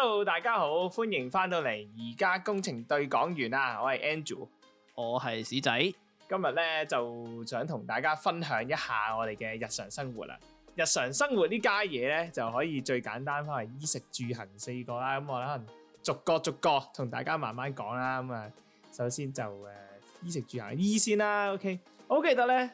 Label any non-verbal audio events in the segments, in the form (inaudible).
hello，大家好，歡迎翻到嚟。而家工程對講員啦，我係 Andrew，我係史仔。今日咧就想同大家分享一下我哋嘅日常生活啦。日常生活家呢家嘢咧就可以最簡單，翻嚟衣食住行四個啦。咁、嗯、我可能逐個逐個同大家慢慢講啦。咁、嗯、啊，首先就誒、呃、衣食住行衣先啦。OK，我好記得咧，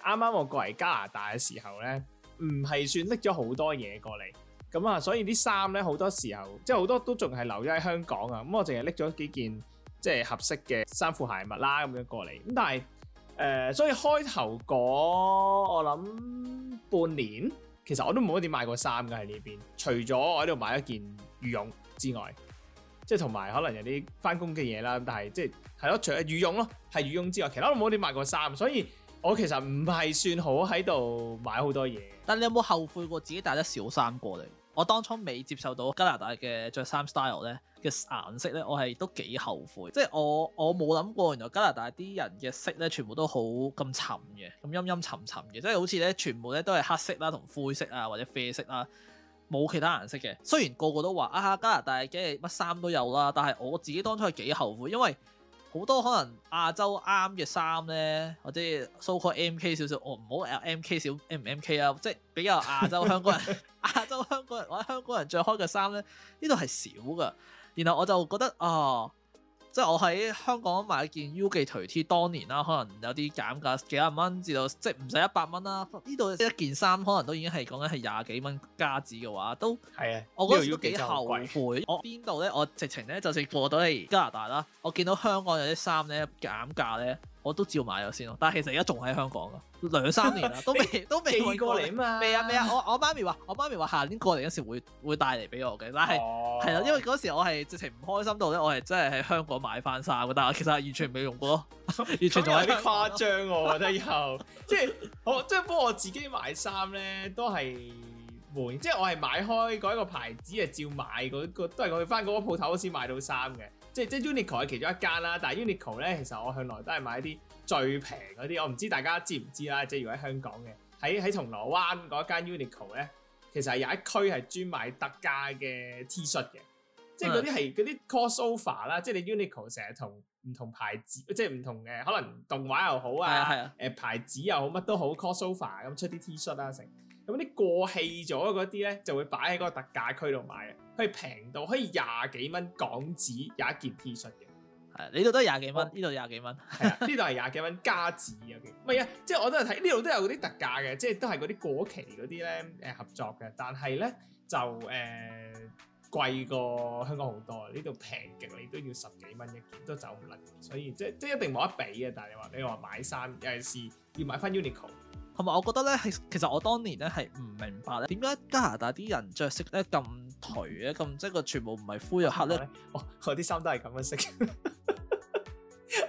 誒啱啱我過嚟加拿大嘅時候咧，唔係算拎咗好多嘢過嚟。咁啊、嗯，所以啲衫咧好多時候，即係好多都仲係留咗喺香港啊。咁我淨係拎咗幾件即係合適嘅衫褲鞋襪啦，咁樣過嚟。咁但係誒、呃，所以開頭嗰我諗半年，其實我都冇乜點買過衫㗎喺呢邊，除咗我喺度買一件羽絨之外，即係同埋可能有啲翻工嘅嘢啦。但係即係係咯，除咗羽絨咯，係羽絨之外，其他都冇乜點買過衫。所以我其實唔係算好喺度買好多嘢。但你有冇後悔過自己帶咗少衫過嚟？我當初未接受到加拿大嘅着衫 style 咧、嘅顏色咧，我係都幾後悔。即係我我冇諗過，原來加拿大啲人嘅色咧全部都好咁沉嘅，咁陰陰沉沉嘅，即係好似咧全部咧都係黑色啦、同灰色啊或者啡色啦，冇其他顏色嘅。雖然個個都話啊加拿大嘅係乜衫都有啦，但係我自己當初係幾後悔，因為。好多可能亞洲啱嘅衫咧，或者 so called M K 少少哦，唔好 L M K 少 M、MM、M K 啊，即係比較亞洲香港人、 (laughs) 亞洲香港人或者香港人着開嘅衫咧，呢度係少噶。然後我就覺得哦。即係我喺香港買一件 U 記頹 T，當年啦，可能有啲減價幾十蚊至到，即係唔使一百蚊啦。呢度一件衫可能都已經係講緊係廿幾蚊加紙嘅話，都係啊！的我覺得幾後悔，我邊度咧？我直情咧，就算、是、過到嚟加拿大啦，我見到香港有啲衫咧減價咧。我都照買咗先咯，但係其實而家仲喺香港嘅，兩三年啦，都未都未 (laughs) 寄過嚟嘛。未啊未啊，我我媽咪話，我媽咪話下年過嚟嗰時會會帶嚟俾我嘅，但係係啦，因為嗰時我係直情唔開心到咧，我係真係喺香港買翻衫，但係其實完全未用過，完全仲 (laughs) 有啲誇張我覺得 (laughs) 以後，即係我即係幫我自己買衫咧，都係悶，即係我係買開嗰一個牌子係照買嗰個，都係去翻嗰個鋪頭先買到衫嘅。即係即係 Uniqlo 係其中一間啦，但係 Uniqlo 咧其實我向來都係買啲最平嗰啲，我唔知大家知唔知啦。即係如果喺香港嘅，喺喺銅鑼灣嗰間 Uniqlo 咧，其實係有一區係專賣特價嘅 T-shirt 嘅，即係嗰啲係嗰啲 crossover 啦，over，即係你 Uniqlo 成日同唔同牌子，即係唔同嘅可能動畫又好，好，好 over，啊，誒牌子又好乜都好 crossover 咁出啲 T-shirt 啊成，咁啲過氣咗嗰啲咧就會擺喺嗰個特價區度買嘅。佢平到可以廿幾蚊港紙有一件 T 恤嘅，係啊，呢度都係廿幾蚊，呢度廿幾蚊，係啊，呢度係廿幾蚊加紙嘅，唔係啊，即係我都係睇呢度都有嗰啲特價嘅，即係都係嗰啲過期嗰啲咧誒合作嘅，但係咧就誒、呃、貴過香港好多，呢度平極，你都要十幾蚊一件都走唔甩，所以即即係一定冇得比嘅。但係你話你話買衫尤其是要買翻 Uniqlo，同埋我覺得咧係其實我當年咧係唔明白咧點解加拿大啲人着色咧咁。除啊，咁即係個全部唔係灰入黑咧，哦，我啲衫都係咁樣色，我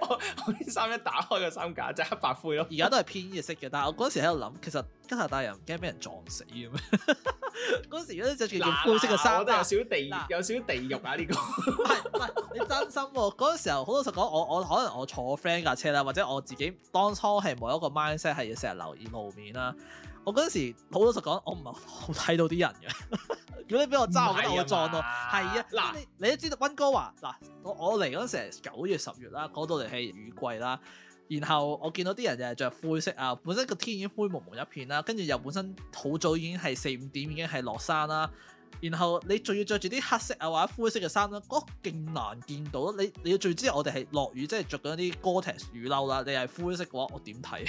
色 (laughs) 我啲衫一打開個衫架就黑白灰咯，而家都係偏嘅色嘅，但係我嗰時喺度諗，其實加拿大人唔驚俾人撞死嘅咩？嗰 (laughs) 時嗰啲就叫做灰色嘅衫，啊啊、我有少地、啊、有少地，有少地獄啊呢個，唔係 (laughs) (laughs) 你真心、啊？嗰陣時候好老實講，我我可能我坐 friend 架車啦，或者我自己當初係冇一個 mindset 係要成日留意路面啦。我嗰陣時好老實講，我唔係好睇到啲人嘅。 (laughs) 如果你俾我揸，我覺得我撞到。係啊，嗱嘆，你都知道溫哥華嗱，我我嚟嗰陣時係九月十月啦，嗰度嚟係雨季啦。然後我見到啲人就係着灰色啊，本身個天已經灰蒙蒙一片啦，跟住又本身好早已經係四五點已經係落山啦。然後你仲要着住啲黑色啊或者灰色嘅衫咧，嗰、嗰個勁難見到你，你要最知我哋係落雨，即、就、係、是、着緊啲 Gore-Tex 雨褸啦。你係灰色嘅話，我點睇？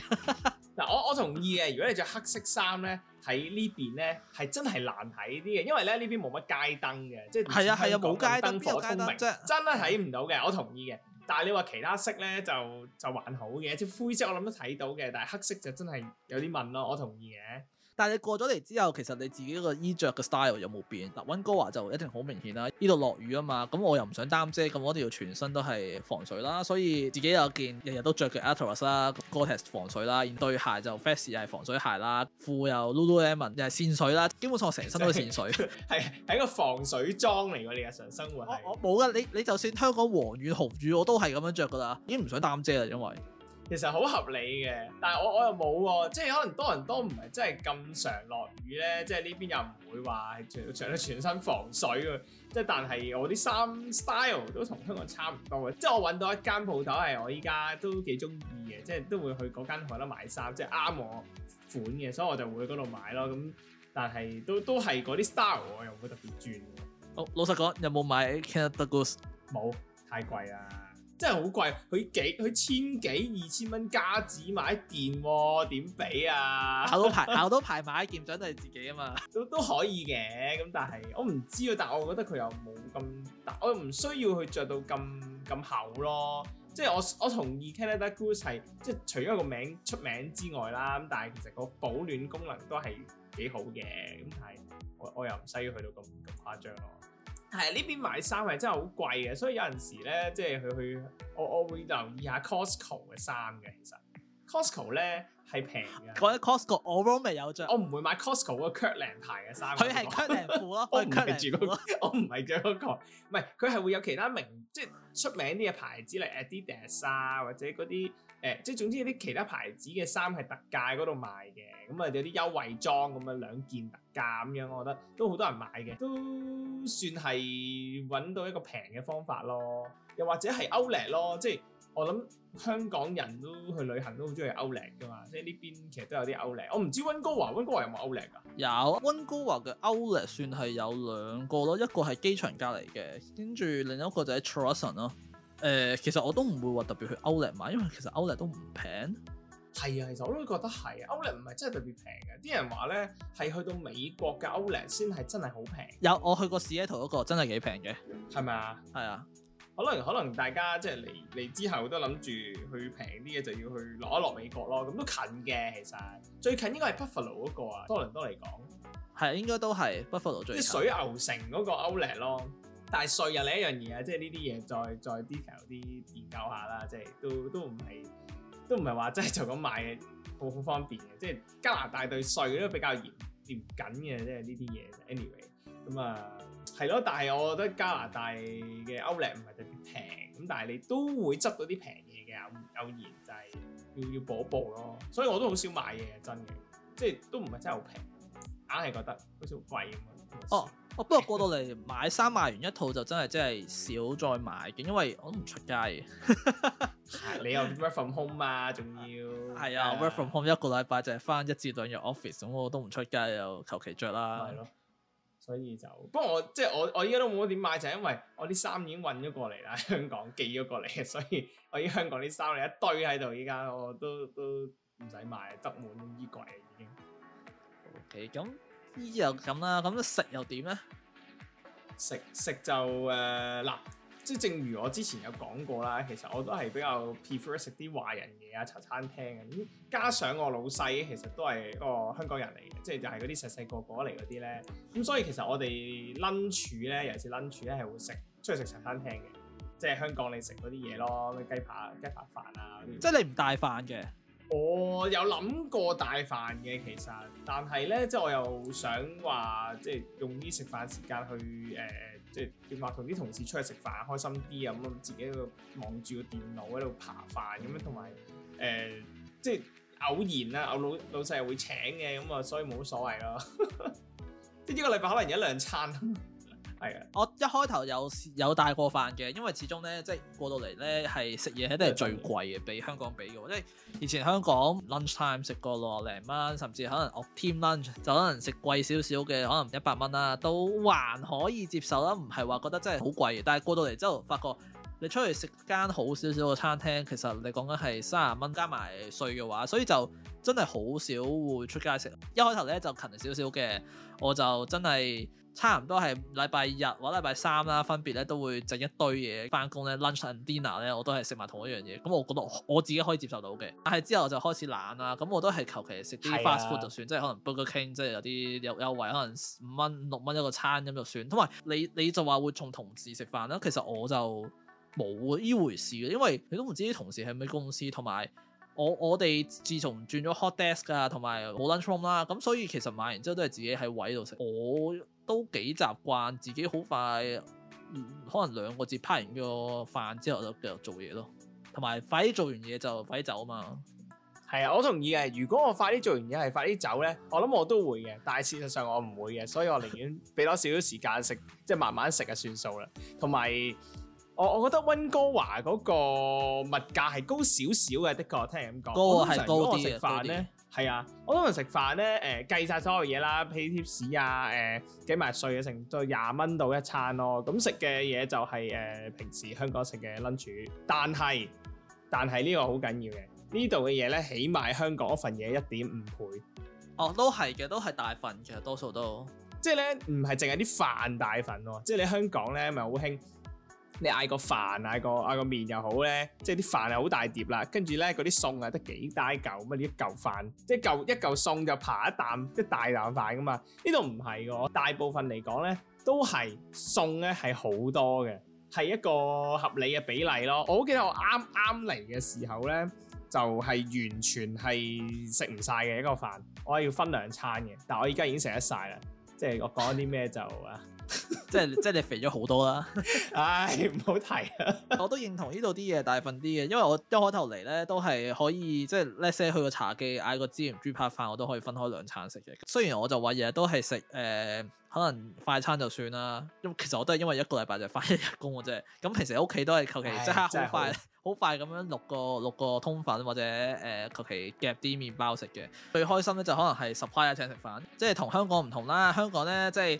嗱， (laughs) 我我同意嘅。如果你着黑色衫咧，喺呢邊咧係真係難睇啲嘅，因為咧呢邊冇乜街燈嘅，即係係啊係啊冇、啊、街燈，火通明，真係睇唔到嘅，我同意嘅。但係你話其他色咧就就還好嘅，即灰色我諗都睇到嘅，但係黑色就真係有啲問咯，我同意嘅。但係你過咗嚟之後，其實你自己個衣着嘅 style 有冇變？嗱、呃，溫哥華就一定好明顯啦。呢度落雨啊嘛，咁我又唔想擔遮，咁我一定要全身都係防水啦。所以自己有件日日都着嘅 Atolos 啦，Gore-Tex 防水啦，然後對鞋就 Fast 係防水鞋啦，褲又 Lululemon 又係潛水啦，基本上我成身都係潛水。係係 (laughs) 一個防水裝嚟喎，你日常生活係我冇噶、啊，你你就算香港黃雨紅雨我都係咁樣着噶啦，已經唔想擔遮啦，因為。其實好合理嘅，但係我我又冇喎，即係可能多人都唔係真係咁常落雨咧，即係呢邊又唔會話著著啲全身防水啊，即係但係我啲衫 style 都同香港差唔多嘅，即係我揾到一間鋪頭係我依家都幾中意嘅，即係都會去嗰間鋪頭買衫，即係啱我款嘅，所以我就會去嗰度買咯。咁但係都都係嗰啲 style 我又唔會特別轉。哦，老實講有冇買 Canada Goose？冇，太貴啊！真係好貴，佢幾佢千幾二千蚊加紙買一件喎，點比啊？我 (laughs) 都排，我都排買一件想對自己啊嘛。 (laughs) 都都可以嘅，咁但係我唔知啊，但我覺得佢又冇咁大，我唔需要去着到咁咁厚咯。即係我我同意 Canada Goose 係即係除咗個名出名之外啦，咁但係其實個保暖功能都係幾好嘅，咁但係我，我又唔需要去到咁咁誇張咯。係呢邊買衫係真係好貴嘅，所以有陣時咧，即係去去，我我會留意下 Costco 嘅衫嘅。其實 Costco 咧係平嘅。講起 Costco，我都未有着，我唔會買 Costco 嘅 Kirkland 牌嘅衫。佢係 Kirkland 褲咯， (laughs) 我唔係住嗰、 (laughs) 嗰個， (laughs) (laughs) 我唔係着嗰個，唔係，佢係會有其他名，即係出名啲嘅牌子嚟，Adidas 啊或者嗰啲。誒即係總之有啲其他牌子嘅衫係特價嗰度賣嘅，咁啊有啲優惠裝咁樣兩件特價咁樣，我覺得都好多人買嘅，都算係揾到一個平嘅方法咯。又或者係 Outlet 咯，即係我諗香港人都去旅行都好中意 Outlet 噶嘛，即係呢邊其實都有啲 Outlet。我唔知溫哥華，溫哥華有冇 Outlet 啊？有，溫哥華嘅 Outlet 算係有兩個咯，一個係機場隔離嘅，跟住另一個就係 Tsawwassen 咯。誒、呃，其實我都唔會話特別去 Outlet 買，因為其實 Outlet 都唔平。係啊，其實我都覺得係啊 Outlet 唔係真係特別平嘅。啲人話咧係去到美國嘅 Outlet 先係真係好平。有，我去過 Seattle 嗰個真係幾平嘅。係咪啊？係啊的。可能可能大家即係嚟嚟之後都諗住去平啲嘅就要去落一落美國咯。咁都近嘅其實，最近應該係 Buffalo 嗰、那個啊，多倫多嚟講。係啊，應該都係 Buffalo 最。即係水牛城嗰個 Outlet 咯。但係稅又另一樣嘢啊，即係呢啲嘢再再 detail 啲研究下啦，即係都都唔係都唔係話即係就咁買嘅，好好方便嘅。即係加拿大對稅都比較嚴嚴謹嘅，即係呢啲嘢。anyway，咁啊係咯，但係我覺得加拿大嘅 Outlet 唔係特別平，咁但係你都會執到啲平嘢嘅，偶然就係要要補一補咯。所以我都好少買嘢，真嘅，即係都唔係真係好平，硬係覺得好似好貴咁樣。哦。Oh. 我不過過到嚟買衫買完一套就真係真係少再買嘅，因為我都唔出街嘅、 (laughs) 啊。你又 work from home 啊，仲要係啊，work from home 一個禮拜就係返一至兩日 office，咁我都唔出街又求其着啦。係咯，所以就不過我即係我我依家都冇乜點買就係因為我啲衫已經運咗過嚟啦，香港寄咗過嚟，所以我依家香港啲衫有一堆喺度依家，我都都唔使買，得滿衣櫃已經。OK，咁。依又咁、呃、啦，咁食又點咧？食食就誒嗱，即係正如我之前有講過啦，其實我都係比較 prefer 食啲華人嘢啊，茶餐廳嘅。咁加上我老細其實都係個香港人嚟嘅，即係就係嗰啲細細個過嚟嗰啲咧。咁所以其實我哋 lunch 咧，尤其是 lunch 咧，係會食出去食茶餐廳嘅，即係香港你食嗰啲嘢咯，咩雞扒雞扒飯啊，嗯、即係你唔帶飯嘅。我有諗過帶飯嘅其實，但係咧即係我又想話即係用啲食飯時間去誒、呃，即係話同啲同事出去食飯開心啲啊咁咯，自己個望住個電腦喺度扒飯咁樣，同埋誒即係偶然啊，我老老細又會請嘅咁啊，所以冇所謂咯， (laughs) 即係一個禮拜可能一兩餐。 (laughs) 係啊，我一開頭有有帶過飯嘅，因為始終咧即係過到嚟咧係食嘢係一定係最貴嘅，比香港比嘅，即係以前香港 lunch time 食個六十零蚊，甚至可能我 team lunch 就可能食貴少少嘅，可能一百蚊啦，都還可以接受啦，唔係話覺得真係好貴嘅。但係過到嚟之後，發覺你出去食間好少少嘅餐廳，其實你講緊係卅蚊加埋稅嘅話，所以就真係好少會出街食。一開頭咧就勤少少嘅，我就真係。差唔多係禮拜日或禮拜三啦、啊，分別咧都會整一堆嘢翻工咧，lunch and dinner 咧我都係食埋同一樣嘢。咁、嗯、我覺得我自己可以接受到嘅，但係之後就開始懶啦。咁、嗯、我都係求其食啲 fast food 就算，啊、即係可能 Burger King，即係有啲優優惠，可能五蚊六蚊一個餐咁就算。同埋你你就話會同同事食飯啦，其實我就冇呢回事嘅，因為你都唔知啲同事係咩公司，同埋我我哋自從轉咗 hot desk 噶，同埋冇 lunch room 啦，咁所以其實買完之後都係自己喺位度食。我。都幾習慣自己好快，可能兩個字拍完個飯之後就繼續做嘢咯。同埋快啲做完嘢就快啲走啊嘛。係啊，我同意嘅。如果我快啲做完嘢係快啲走咧，我諗我都會嘅。但係事實上我唔會嘅，所以我寧願俾多少少時間食， (laughs) 即係慢慢食就算數啦。同埋我我覺得溫哥華嗰個物價係高少少嘅，的確聽人咁講。高係高啲啊，食飯咧。係啊，我嗰人食飯咧，誒、呃、計晒所有嘢啦，pay tips 啊，誒計埋稅嘅成都廿蚊到一餐咯。咁食嘅嘢就係、是、誒、呃、平時香港食嘅 lunch，但係但係呢個好緊要嘅，呢度嘅嘢咧起碼香港嗰份嘢一點五倍。哦，都係嘅，都係大，大份，其實多數都即係咧，唔係淨係啲飯大份喎，即係你香港咧咪好興。就是你嗌個飯嗌個嗌個麵又好咧，即係啲飯係好大碟啦，跟住咧嗰啲餸啊得幾大嚿，咁一嚿飯，即係一嚿一嚿餸就扒一啖，即係大啖飯噶嘛。呢度唔係嘅，大部分嚟講咧都係餸咧係好多嘅，係一個合理嘅比例咯。我好記得我啱啱嚟嘅時候咧，就係、是、完全係食唔晒嘅一個飯，我係要分兩餐嘅。但係我而家已經食得晒啦，即係我講啲咩就啊～ (laughs) (laughs) 即係即係你肥咗好多啦，唉唔好提啊！我都認同呢度啲嘢大份啲嘅，因為我一開頭嚟咧都係可以，即係 let's say 去個茶記嗌個孜然豬扒飯，我都可以分開兩餐食嘅。雖然我就話日日都係食誒，可能快餐就算啦。因其實我都係因為一個禮拜就翻一日工嘅啫。咁平時喺屋企都係求其即刻好快好、哎、 (laughs) 快咁樣六個六個，個通粉或者誒求其夾啲麵包食嘅。最開心咧就可能係 supplier 請食飯，即係同香港唔同啦。香港咧即係。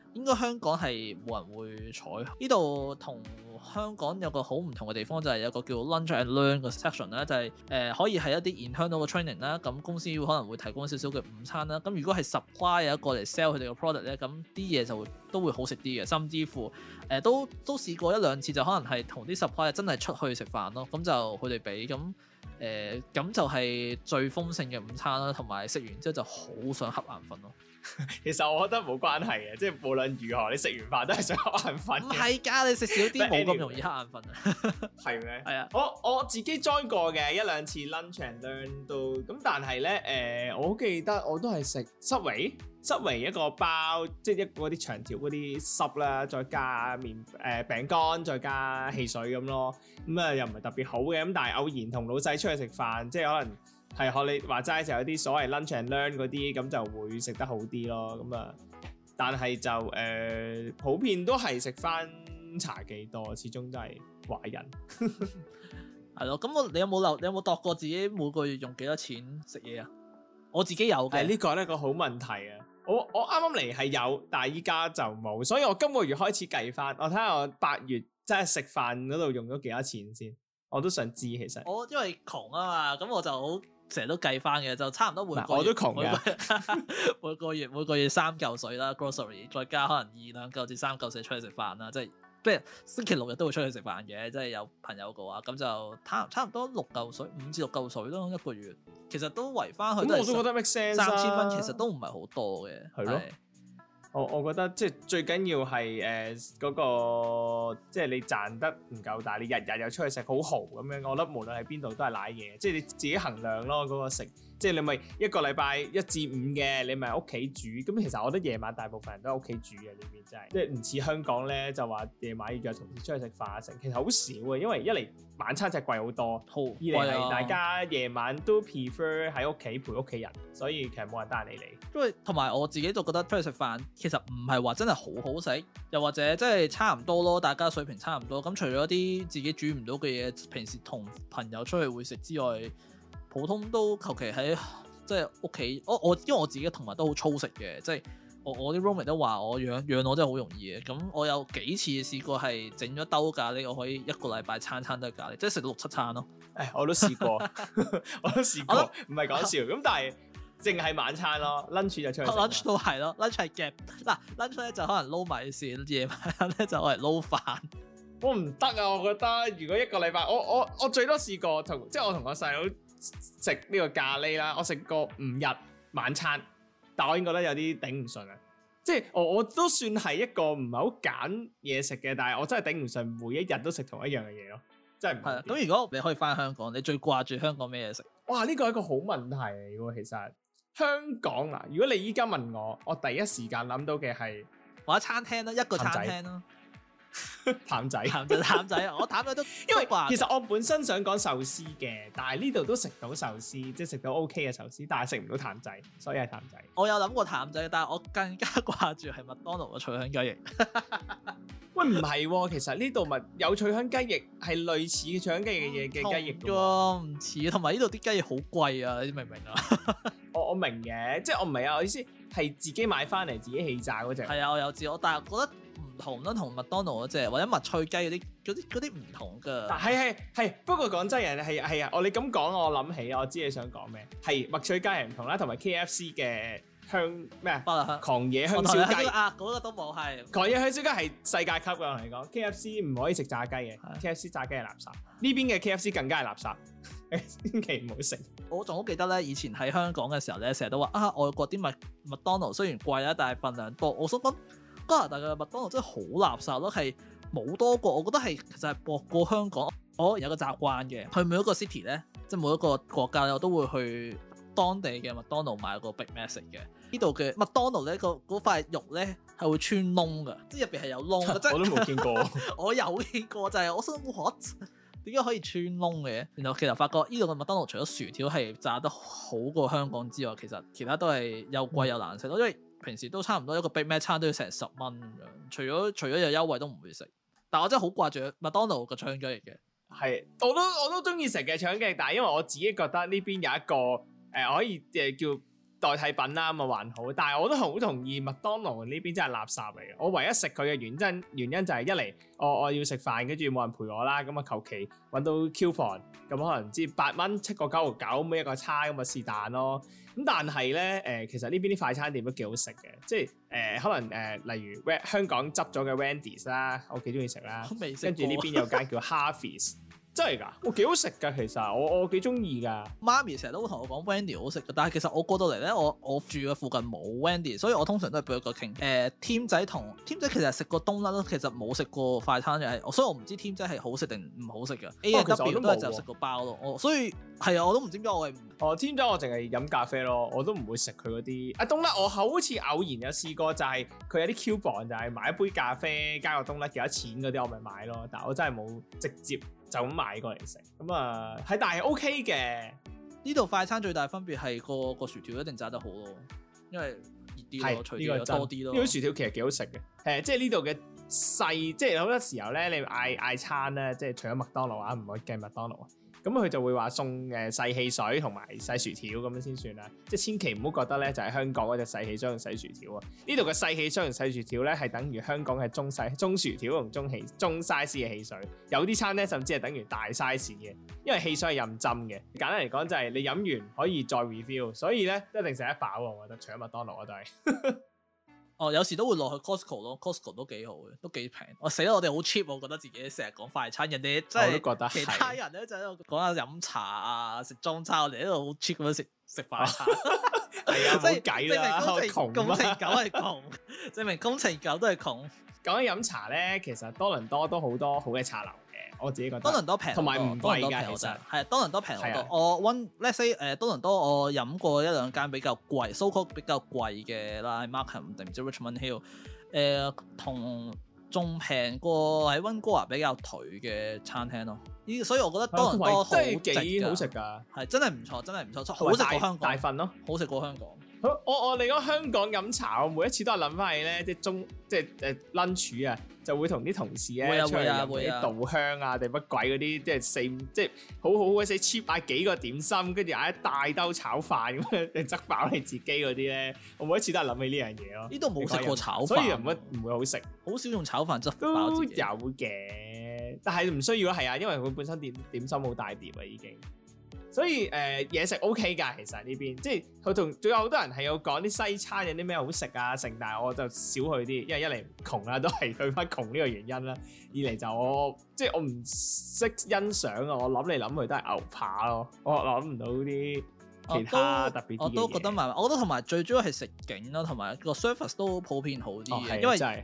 應該香港係冇人會採呢度，同香港有個好唔同嘅地方就係、是、有個叫 lunch and learn 嘅 section 咧，就係、是、誒、呃、可以係一啲 internal training 啦、啊，咁公司會可能會提供少少嘅午餐啦。咁、啊、如果係 supply 有一個嚟 sell 佢哋嘅 product 咧、啊，咁啲嘢就會都會好食啲嘅。甚至乎誒、啊、都都試過一兩次，就可能係同啲 supply 真係出去食飯咯。咁、啊、就佢哋俾咁誒，咁、啊啊、就係最豐盛嘅午餐啦，同埋食完之後就好想瞌眼瞓咯。 (laughs) 其實我覺得冇關係嘅，即係無論如何你食完飯都係想瞌眼瞓。唔係噶，你食少啲冇咁容易瞌眼瞓啊？係咩？係啊，我我自己 join 過嘅一兩次 lunch and learn 都咁，但係咧誒，我記得我都係食 subway，subway 一個包，即係一嗰啲長條嗰啲 sub 啦，再加面誒餅乾，再加汽水咁咯。咁啊又唔係特別好嘅，咁但係偶然同老細出去食飯，即係可能。係學你話齋嘅時候，有啲所謂 lunch and learn 嗰啲，咁就會食得好啲咯。咁啊，但係就誒普遍都係食翻茶幾多，始終都係華人。係 (laughs) 咯，咁我你有冇留？你有冇度過自己每個月用幾多錢食嘢啊？我自己有嘅。呢、哎呢個係一個好問題啊！我我啱啱嚟係有，但係依家就冇，所以我今個月開始計翻，我睇下我八月即係食飯嗰度用咗幾多錢先，我都想知其實。我因為窮啊嘛，咁我就好。成日都計翻嘅，就差唔多每個月，我每個月三嚿水啦，grocery 再加可能二兩嚿至三嚿水出去食飯啦，即係即係星期六日都會出去食飯嘅，即係有朋友嘅話，咁就差差唔多六嚿水，五至六嚿水咯一個月，其實都圍翻去。咁那我都是我覺得 makes sense，三千蚊其實都唔係好多嘅，係的我、哦、我覺得即係最緊要係誒嗰個，即係你賺得唔夠大，但係你日日又出去食好豪咁樣，我覺得無論喺邊度都係瀨嘢，即係你自己衡量咯嗰、嗰個食。即係你咪一個禮拜一至五嘅，你咪喺屋企煮。咁其實我覺得夜晚大部分人都喺屋企煮嘅，呢面真係即係唔似香港咧，就話夜晚要約同事出去食飯啊，其實好少嘅。因為一嚟晚餐就係貴好多，好、哦。二嚟大家夜晚都 prefer 喺屋企陪屋企人，所以其實冇人搭理你。因為同埋我自己就覺得出去食飯其實唔係話真係好好食，又或者真係差唔多咯，大家水平差唔多。咁除咗啲自己煮唔到嘅嘢，平時同朋友出去會食之外。普通都求其喺即係屋企，我我因為我自己嘅寵物都好粗食嘅，即係我我啲 roommate 都話我養養我真係好容易嘅。咁我有幾次試過係整咗兜咖喱，我可以一個禮拜餐餐都係咖喱，即係食到六七餐咯。誒，我都試過，我都試過，唔係講笑。咁但係淨係晚餐咯，lunch 就出去 l u n c h 都係咯，lunch 係 g 嗱 lunch 咧就可能撈米線，夜晚咧就係撈飯。我唔得啊！我覺得如果一個禮拜，我我我最多試過同即係我同我細佬。食呢個咖喱啦，我食過五日晚餐，但我已經覺得有啲頂唔順啊。即係我我都算係一個唔係好揀嘢食嘅，但係我真係頂唔順，每一日都食同一樣嘅嘢咯，真係唔係。咁如果你可以返香港，你最掛住香港咩嘢食？哇，呢個係一個好問題嚟嘅喎。其實香港嗱，如果你依家問我，我第一時間諗到嘅係我一餐廳啦、啊，一個餐廳咯、啊。譚仔，譚 (laughs) 仔，譚仔啊！我譚仔都譚仔，因為其實我本身想講壽司嘅，但係呢度都食到壽司，即係食到 OK 嘅壽司，但係食唔到譚仔，所以係譚仔。我有諗過譚仔，但係我更加掛住係麥當勞嘅脆香雞翼。 (laughs) 喂，唔係、啊，其實呢度咪有脆香雞翼，係類似脆香雞翼嘅嘢嘅雞翼嘅。唔似，同埋呢度啲雞翼好貴啊！你明唔明啊？我我明嘅，即係我唔係啊！我意思係自己買翻嚟自己氣炸嗰隻。係啊，我有知，但我但係覺得。唔同啦，同麥當勞嗰隻或者麥脆雞嗰啲嗰啲啲唔同噶。係係係，不過講真，人係係啊，我你咁講，我諗起，我知你想講咩？係麥脆雞係唔同啦，同埋 K F C 嘅香咩啊？狂野香燒雞啊，嗰、那個都冇係。狂野香燒雞係世界級嘅同你講，K F C 唔可以食炸雞嘅、嗯、，K F C 炸雞係垃圾。呢、嗯、邊嘅 K F C 更加係垃圾，千祈唔好食。我仲好記得咧，以前喺香港嘅時候咧，成日都話啊，外國啲麥麥當勞雖然貴啦，但係份量多。我想講。加拿大嘅麥當勞真係好垃圾咯，係冇多過。我覺得係其實係薄過香港。我有個習慣嘅，去每一個 city 咧，即係每一個國家咧，我都會去當地嘅麥當勞買個 big mac 食嘅。呢度嘅麥當勞咧，個嗰塊肉咧係會穿窿嘅，即係入邊係有窿嘅，我都冇見過， (laughs) 我有見過就係、是、我想 what 點解可以穿窿嘅？然後其實發覺呢度嘅麥當勞除咗薯條係炸得好過香港之外，其實其他都係又貴又難食咯，嗯、因為。平時都差唔多一個 Big Mac 餐都要成十蚊咁樣，除咗除咗有優惠都唔會食。但係我真係好掛住麥當勞個腸仔嚟嘅。係，我都我都中意食嘅腸仔，但係因為我自己覺得呢邊有一個誒、呃、可以誒、呃、叫。代替品啦咁啊，還好。但係我都好同意麥當勞呢邊真係垃圾嚟嘅。我唯一食佢嘅原因，原因就係一嚟我我要食飯，跟住冇人陪我啦。咁啊，求其揾到 coupon，咁可能至八蚊七個九毫九，每一個叉咁啊，是但咯。咁但係咧誒，其實呢邊啲快餐店都幾好食嘅，即係誒、呃、可能誒、呃、例如香港執咗嘅 Wendy's 啦，我幾中意食啦。跟住呢邊有間叫 Harvey's。 (laughs) 真係噶，我、哦、幾好食噶，其實我我幾中意噶。媽咪成日都會同我講 Wendy 好食嘅，但係其實我過到嚟咧，我我住嘅附近冇 Wendy，所以我通常都係俾一個傾誒。Tim、呃、仔同 Tim 仔其實食過冬甩咯，其實冇食過快餐就係，所以我唔知 Tim 仔係好食定唔好食嘅。哦、A W 都係就食個包咯，我所以係啊，我都唔知點解我係。哦，Tim 仔我淨係飲咖啡咯，我都唔會食佢嗰啲。阿、啊、冬甩我好似偶然有試過，就係、是、佢有啲 coupon 就係、是、買一杯咖啡加個冬甩幾多錢嗰啲，我咪買咯。但係我真係冇直接。就咁買過嚟食，咁啊喺但係 OK 嘅。呢度快餐最大分別係個個薯條一定炸得好咯，因為熱啲咯，除咗多啲咯。呢啲薯條其實幾好食嘅，誒即係呢度嘅細，即係好多時候咧，你嗌嗌餐咧，即係除咗麥當勞啊，唔可以計麥當勞。咁佢就會話送誒細汽水同埋細薯條咁樣先算啦，即係千祈唔好覺得咧就係香港嗰隻細汽水同細薯條啊！呢度嘅細汽水同細薯條咧係等於香港嘅中細中薯條同中氣中 size 嘅汽水，有啲餐咧甚至係等於大 size 嘅，因為汽水係任斟嘅。簡單嚟講就係你飲完可以再 review，所以咧一定食得飽，我覺得除咗麥當勞我都係。 (laughs) 哦，有時都會落去 Costco 咯，Costco 都幾好嘅，都幾平，哦。我死啦，我哋好 cheap，我覺得自己成日講快餐，人哋真係，我都覺得係。其他人咧就喺度講下飲茶啊、食中餐， (laughs) 我哋喺度好 cheap 咁樣食食飯。係啊，冇計啦，工程狗係窮，證明工程狗都係窮。講起飲茶咧，其實多倫多都好多好嘅茶樓。我自己覺得多倫多平，同埋唔貴多倫多平好正。啊，多倫多平好多。是的 我 One Let's say 誒多倫多我飲過一兩間比較貴 Soho 比較貴嘅啦 Markham 或 Richmond Hill 誒、呃，同仲平過喺温哥華比較頹嘅餐廳咯。依所以，我覺得多倫多,好值好食嘅，係真係唔錯，真係唔錯，錯多多好食過香港，大份咯，啊、好食過香港。好，我我嚟講香港飲茶，我每一次都係諗翻起咧，即係中即係誒 lunch 啊，就會同啲同事咧呀出去飲稻呀香啊定乜鬼嗰啲，即係四五即係好好鬼死 cheap 買幾個點心，跟住買一大兜炒飯咁樣嚟執飽你自己嗰啲咧，我每一次都係諗起呢樣嘢咯。呢度冇食過炒飯，所以唔乜唔會好食，好少用炒飯執飽自己。有嘅，但係唔需要係啊，因為佢本身點點心好大碟啊已經。所以誒嘢、呃、食 OK 㗎，其實呢邊即係佢同仲有好多人係有講啲西餐有啲咩好食啊，但係我就少去啲，因為一嚟窮啊，都係去翻窮呢個原因啦。二嚟就我即係我唔識欣賞啊，我諗嚟諗去都係牛扒咯，我諗唔到啲其他特別嘅、啊、我都覺得麻麻，我都同埋最主要係食景咯，同埋個 service 都普遍好啲嘅，哦、因為、就係。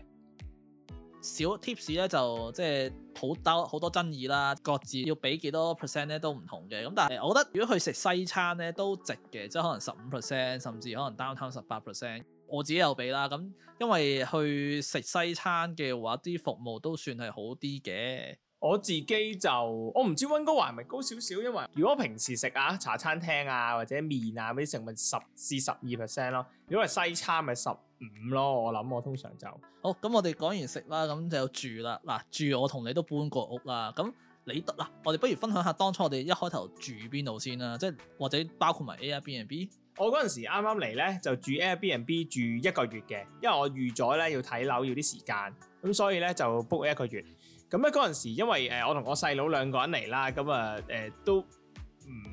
小 tips 咧就即係好多好多爭議啦，各自要俾幾多 percent 咧都唔同嘅。咁但係我覺得如果去食西餐咧都值嘅，即係可能十五 percent，甚至可能 down time 十八 percent。我自己有俾啦，咁因為去食西餐嘅話，啲服務都算係好啲嘅。我自己就我唔知溫哥華係咪高少少，因為如果平時食啊茶餐廳啊或者麵啊嗰啲食物十至十二 percent 咯，如果係西餐咪十五咯，我諗我通常就好咁。我哋講完食啦，咁就住啦嗱，住我同你都搬過屋啦。咁你得啦，我哋不如分享下當初我哋一開頭住邊度先啦，啊，即係或者包括埋 Air B and B。我嗰陣時啱啱嚟咧就住 Air B and B 住一個月嘅，因為我預咗咧要睇樓要啲時間，咁所以咧就 book 一個月。咁咧嗰陣時，因為誒我同我細佬兩個人嚟啦，咁啊誒都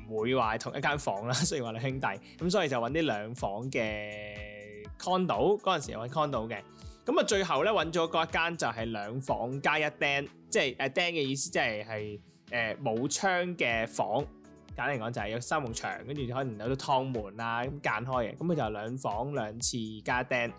唔會話同一間房啦，雖然我哋兄弟，咁所以就揾啲兩房嘅 condo，嗰陣時揾 condo 嘅，咁啊最後咧揾咗嗰一間就係兩房加一釘，即係誒釘嘅意思，就是，即係係誒冇窗嘅房，簡單嚟講就係有三面牆，跟住可能有啲趟門啊咁間開嘅，咁佢就係兩房兩次加一釘。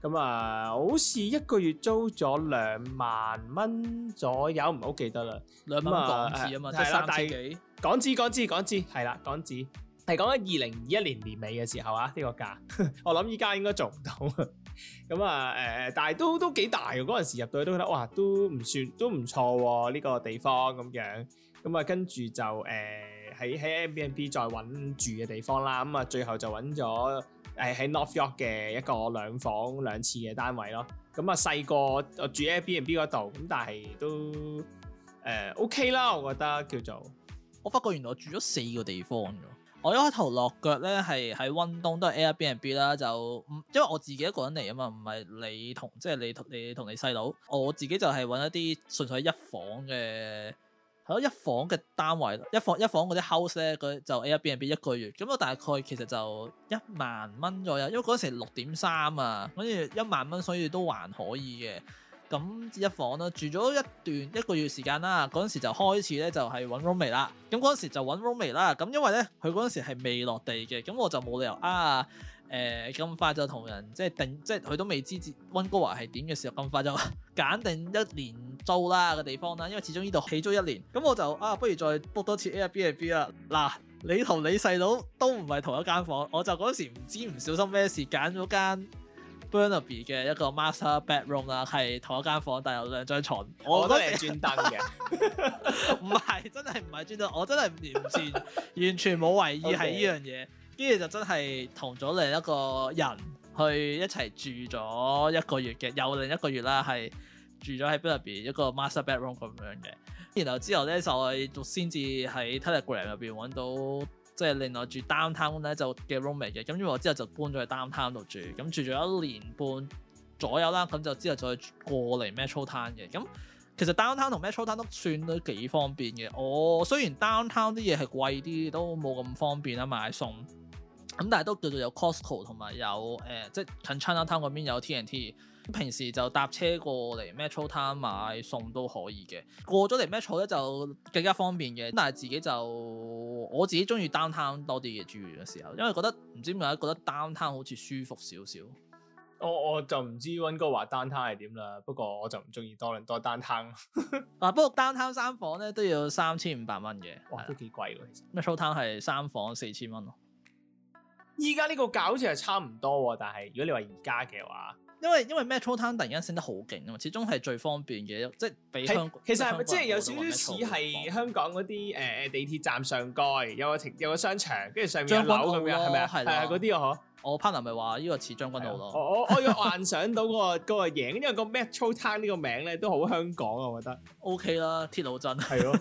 咁啊、嗯，好似一個月租咗兩萬蚊左右，唔係好記得啦。兩萬港紙啊嘛，即係三千幾。港紙、港紙、港紙係啦，港紙係講緊二零二一年年尾嘅時候啊，呢、呢個價 (laughs) 我諗依家應該做唔到。咁啊誒，但係都都幾大嘅，嗰陣時入到去都覺得哇，都唔算都唔錯喎，呢個地方咁樣。咁啊，跟住就誒。喺喺 Airbnb 再揾住嘅地方啦，咁、嗯、啊最後就揾咗誒喺、哎、North York 嘅一個兩房兩廁嘅單位咯。咁啊細個我住 Airbnb 嗰度，咁但係都誒、呃、OK 啦，我覺得叫做我發覺原來我住咗四個地方。我一開頭落腳咧係喺溫東都係 Airbnb 啦，就因為我自己一個人嚟啊嘛，唔係你同即係、就是、你，你，你同你同你細佬，我自己就係揾一啲純粹一房嘅。嗰一房嘅單位，一房一房嗰啲 house 咧，佢就 Airbnb 一個月，咁我大概其實就一萬蚊左右，因為嗰陣時六點三啊，跟住一萬蚊，所以都還可以嘅。咁一房啦，住咗一段一個月時間啦，嗰陣時就開始咧就係揾 roommate 啦。咁嗰陣時就揾 roommate 啦。咁因為咧佢嗰陣時係未落地嘅，咁我就冇理由啊。誒咁、呃、快就同人即係定，即係佢都未知溫哥華係點嘅時候，咁快就揀定一年租啦嘅地方啦。因為始終呢度起租一年，咁我就啊，不如再 book 多次 Airbnb 啦。嗱，你同你細佬都唔係同一間房，我就嗰時唔知唔小心咩事揀咗間 Burnaby 嘅一個 master bedroom 啦，係同一間房，但有兩張床。我都係 (laughs) (laughs) 專登嘅，唔係真係唔係專登，我真係唔廉恥，完全冇遺意喺呢樣嘢。Okay. 跟住就真係同咗另一個人去一齊住咗一個月嘅，又另一個月啦，係住咗喺邊入邊一個 master bedroom 咁樣嘅。然後之後咧，就先至喺 Telegram 入邊揾到，即係另外住 downtown 咧就嘅 roommate 嘅。咁之後就搬咗去 downtown 度住，咁住咗一年半左右啦。咁就之後再過嚟 metro 站嘅。咁其實 downtown 同 metro 站都算都幾方便嘅。我、哦、雖然 downtown 啲嘢係貴啲，都冇咁方便啊買餸。咁但係都叫做有 Costco 同埋有誒、呃，即係近 China Town 嗰邊有 TNT。T, 平時就搭車過嚟 Metro Town 買餸都可以嘅。過咗嚟 Metro 咧就更加方便嘅。但係自己就我自己中意 Downtown 多啲嘅住嘅時候，因為覺得唔知點解覺得 Downtown 好似舒服少少。我我就唔知溫哥華 Downtown 係點啦，不過我就唔中意多倫多 Downtown、er (laughs) 啊、不過 Downtown 三房咧都要三千五百蚊嘅，哇都幾貴喎。其實 Metro Town 係三房四千蚊咯。依家呢個價好似係差唔多喎，但係如果你話而家嘅話，因為因為 Metro Town 突然間升得好勁啊嘛，始終係最方便嘅，即係比香其實係咪即係有少少似係香港嗰啲誒地鐵站上蓋有個停有個商場，跟住上面有樓咁樣係咪啊？係啊，嗰啲啊嗬。我 partner 咪話呢個似將軍澳咯。我我我要幻想到嗰個影，因為個 Metro Town 呢個名咧都好香港啊，我覺得。O K 啦，鐵路鎮係咯。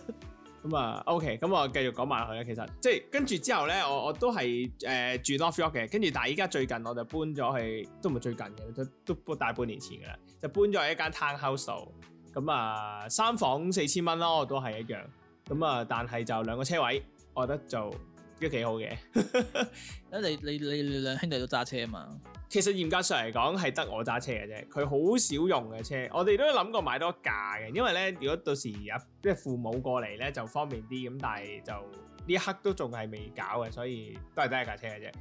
咁啊，OK，咁我繼續講埋佢咧。其實即係跟住之後咧，我我都係誒、呃、住 North York 嘅。跟住，但係依家最近我就搬咗去，都唔係最近嘅，都搬大半年前噶啦，就搬咗去一間 townhouse 度。咁啊，三房四千蚊咯，都係一樣。咁啊，但係就兩個車位，我覺得就。都幾好嘅， (laughs) 啊你你你你兩兄弟都揸車啊嘛。其實嚴格上嚟講係得我揸車嘅啫，佢好少用嘅車。我哋都諗過買多架嘅，因為咧如果到時有即係父母過嚟咧就方便啲咁，但係就呢一刻都仲係未搞嘅，所以都係得一架車嘅啫。咁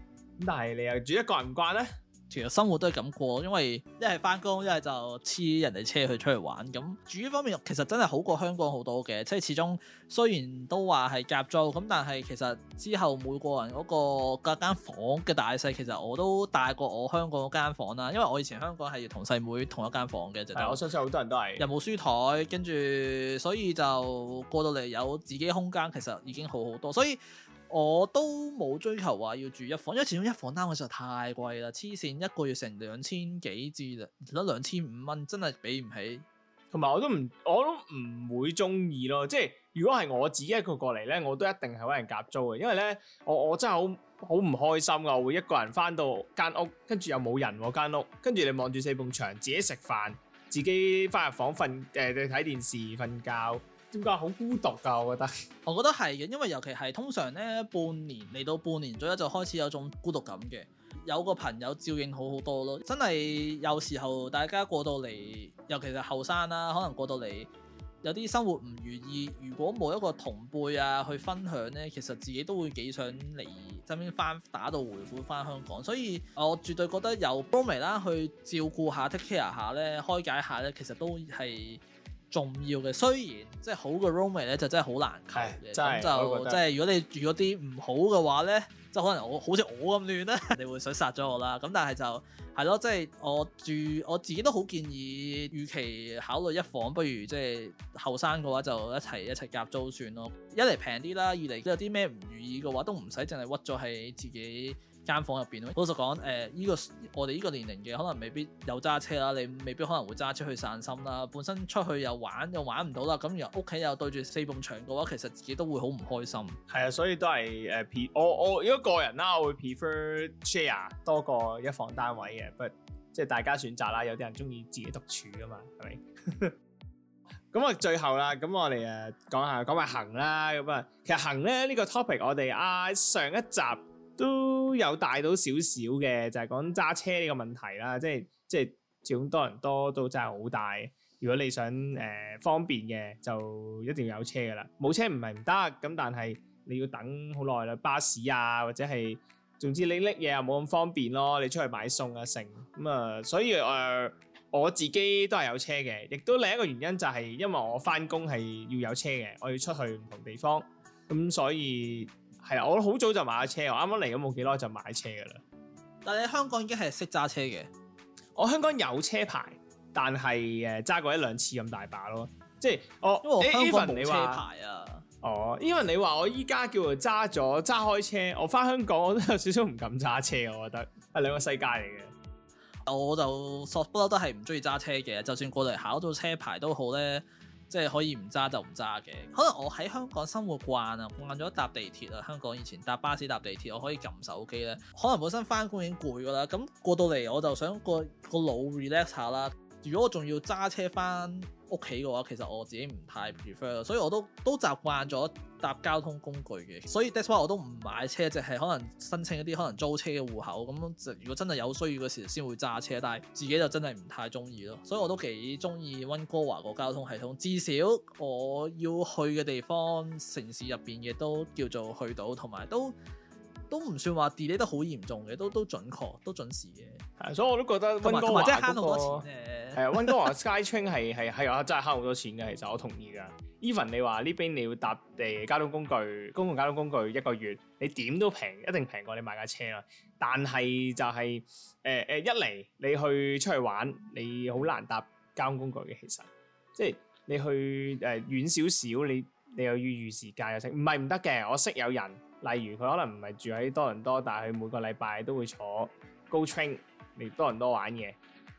但係你又住一個人慣唔慣咧？其實生活都係咁過，因為一係返工，一係就黐人哋車去出去玩。咁住呢方面其實真係好過香港好多嘅，即係始終雖然都話係夾租，咁但係其實之後每個人嗰、嗰個隔間房嘅大細，其實我都大過我香港嗰間房啦。因為我以前香港係同細妹同一間房嘅，就的但我相信好多人都係有冇書枱，跟住所以就過到嚟有自己空間，其實已經好好多。所以。我都冇追求話要住一房，因為始終一房單位實在太貴啦，黐線一個月成兩千幾至啦，攞兩千五蚊真係俾唔起。同埋我都唔，我都唔會中意咯。即係如果係我自己一個過嚟咧，我都一定係揾人夾租嘅，因為咧，我我真係好好唔開心㗎，我會一個人翻到間屋，跟住又冇人、啊、間屋，跟住你望住四埲牆，自己食飯，自己翻入房瞓，你、呃、睇電視瞓覺。點解好孤獨㗎？我覺得，我覺得係嘅，因為尤其係通常呢半年嚟到半年左右就開始有種孤獨感嘅。有個朋友照應好好多咯，真係有時候大家過到嚟，尤其是後生啦，可能過到嚟有啲生活唔如意，如果冇一個同輩啊去分享呢，其實自己都會幾想嚟，想翻打道回府翻香港。所以我絕對覺得有媽咪啦去照顧下、take care 下呢，開解下呢，其實都係重要嘅。雖然即係好嘅 roommate 咧就真係好難求嘅。咁就即係如果你住嗰啲唔好嘅話咧，即係可能我好似我咁亂咧， (laughs) 你會想殺咗我啦。咁但係就係咯，即係我住我自己都好建議，與其考慮一房不如即係後生嘅話就一齊一齊夾租算咯。一嚟平啲啦，二嚟都有啲咩唔如意嘅話都唔使淨係屈咗喺自己房間房入邊咯，老實講，誒、呃、依、呢個我哋呢個年齡嘅，可能未必有揸車啦，你未必可能會揸車去散心啦，本身出去又玩又玩唔到啦，咁又屋企又對住四埲牆嘅話，其實自己都會好唔開心。係啊，所以都係誒、呃，我我如果個人啦，我會 prefer share 多過一房單位嘅，不過即係大家選擇啦，有啲人中意自己獨處噶嘛，係咪？咁啊，最後啦，咁我哋誒講下講下行啦，咁啊，其實行咧呢、呢個 topic 我哋啊上一集。都有大到少少嘅，就係講揸車呢個問題啦，即係即係仲多人多都真係好大。如果你想誒、呃、方便嘅，就一定要有車㗎喇。冇車唔係唔得，咁但係你要等好耐啦，巴士啊或者係總之你拎嘢又冇咁方便咯。你出去買餸啊，剩咁啊，所以誒、呃、我自己都係有車嘅，亦都另一個原因就係因為我返工係要有車嘅，我要出去唔同地方，咁所以。係啊，我好早就買咗車，我啱啱嚟咁冇幾耐就買車㗎啦。但係你喺香港已經係識揸車嘅。我香港有車牌，但係誒揸過一兩次咁大把咯。即係我，因為香港冇車牌啊 Even 你話，哦，因為你話我依家叫做揸咗揸開車，我翻香港我都有少少唔敢揸車，我覺得係兩個世界嚟嘅。我就索不嬲都係唔中意揸車嘅，就算過嚟考到車牌都好咧。即係可以唔揸就唔揸嘅，可能我喺香港生活慣啊，慣咗搭地鐵啊。香港以前搭巴士搭地鐵，我可以撳手機咧。可能本身翻工已經攰㗎啦，咁過到嚟我就想個個腦 relax 下啦。如果我仲要揸車翻屋企嘅話，其實我自己唔太 prefer，所以我都都習慣咗搭交通工具嘅，所以 that’s why 我都唔買車，就係可能申請一啲可能租車嘅戶口咁。如果真係有需要嘅時候，先會揸車。但係自己就真係唔太中意咯，所以我都幾中意温哥華個交通系統。至少我要去嘅地方，城市入邊嘅都叫做去到，同埋都都唔算話 delay 得好嚴重嘅，都都準確，都準時嘅。係，所以我都覺得温哥華真係慳好多錢嘅。係啊，温哥華 SkyTrain 係，係係啊，真係慳好多錢嘅。其實我同意噶。Even 你話呢邊你要搭誒交通工具，公共交通工具一個月，你點都平，一定平過你買架車啦。但係就係誒誒，一嚟你去出去玩，你好難搭交通工具嘅。其實即係你去誒遠少少，你你御御又要預時間又識，唔係唔得嘅。我識有人，例如佢可能唔係住喺多倫多，但係佢每個禮拜都會坐 GO train 嚟多倫多玩嘅。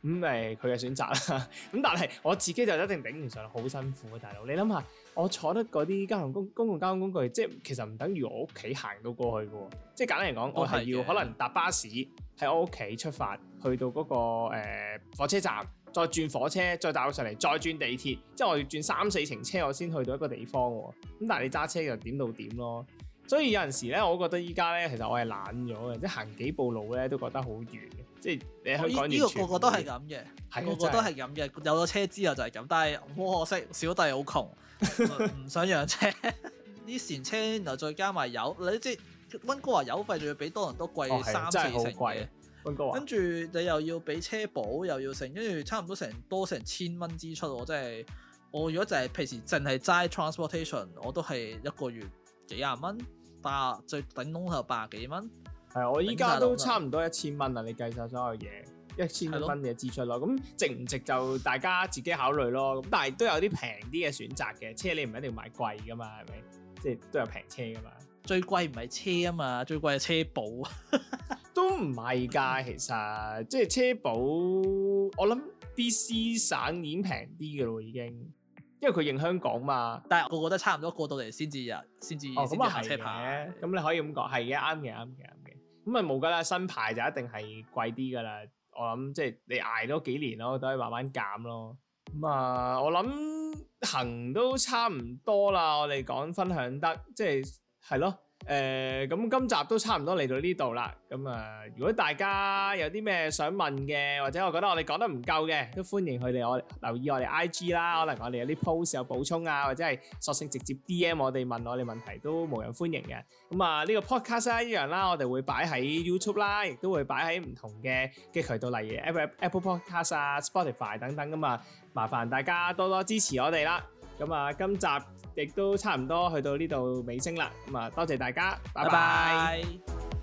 咁誒，佢嘅、嗯、選擇啦。咁但係我自己就一定頂唔上好辛苦啊，大佬。你諗下，我坐得嗰啲交通公公共交通工具，即係其實唔等於我屋企行到過去嘅喎。即係簡單嚟講，我係要可能搭巴士喺我屋企出發，去到嗰、嗰個、呃、火車站，再轉火車，再搭上嚟，再轉地鐵，即係我要轉三四程車，我先去到一個地方喎。咁但係你揸車又點到點咯。所以有陣時咧，我覺得依家咧，其實我係懶咗嘅，即係行幾步路咧，都覺得好遠。即係你香港呢個個個都係咁嘅，個個嗎都係咁嘅。有咗車之後就係咁，但係好可惜，小弟好窮，唔 (laughs) 想養車。啲燃然後再加埋油，你知溫哥華油費仲要比多倫多貴，三、哦、四成。真係好貴啊！溫哥華跟住你又要俾車保，又要剩，跟住差唔多成多成千蚊支出。我真係我如果就係平時淨係齋 transportation，我都係一個月幾廿蚊，但最頂籠係八幾蚊。係我依家都差唔多一千蚊啦。你計晒所有嘢，一千蚊嘅支出咯。咁值唔值就大家自己考慮咯。咁但係都有啲平啲嘅選擇嘅車，你唔一定買貴噶嘛，係咪？即係都有平車噶嘛，嘛。最貴唔係車啊嘛，最貴係車保都唔係㗎。其實即係車保，我諗 BC 省已經平啲㗎咯，已經，因為佢認香港嘛。但係我覺得差唔多過到嚟先至入，先至先至行車牌。咁你可以咁講係嘅，啱嘅，啱嘅。咁咪冇㗎啦，新牌就一定係貴啲㗎啦。我諗即係你捱多幾年咯，都可以慢慢減咯。咁、嗯、啊，我諗行都差唔多啦。我哋講分享得即係係咯。誒，咁今集都差唔多嚟到呢度啦。咁啊，如果大家有啲咩想問嘅，或者我覺得我哋講得唔夠嘅，都歡迎佢哋我留意我哋 IG 啦。可能我哋有啲 post 有補充啊，或者係索性直接 DM 我哋問我哋問題都無任歡迎嘅。咁啊，呢個 podcast 一樣啦，我哋會擺喺 YouTube 啦，亦都會擺喺唔同嘅嘅渠道，例如 Apple Apple Podcast 啊、Spotify 等等。咁啊，麻煩大家多多支持我哋啦。咁啊，今集。亦都差唔多去到呢度尾聲啦，咁啊，多謝大家，拜拜。拜拜。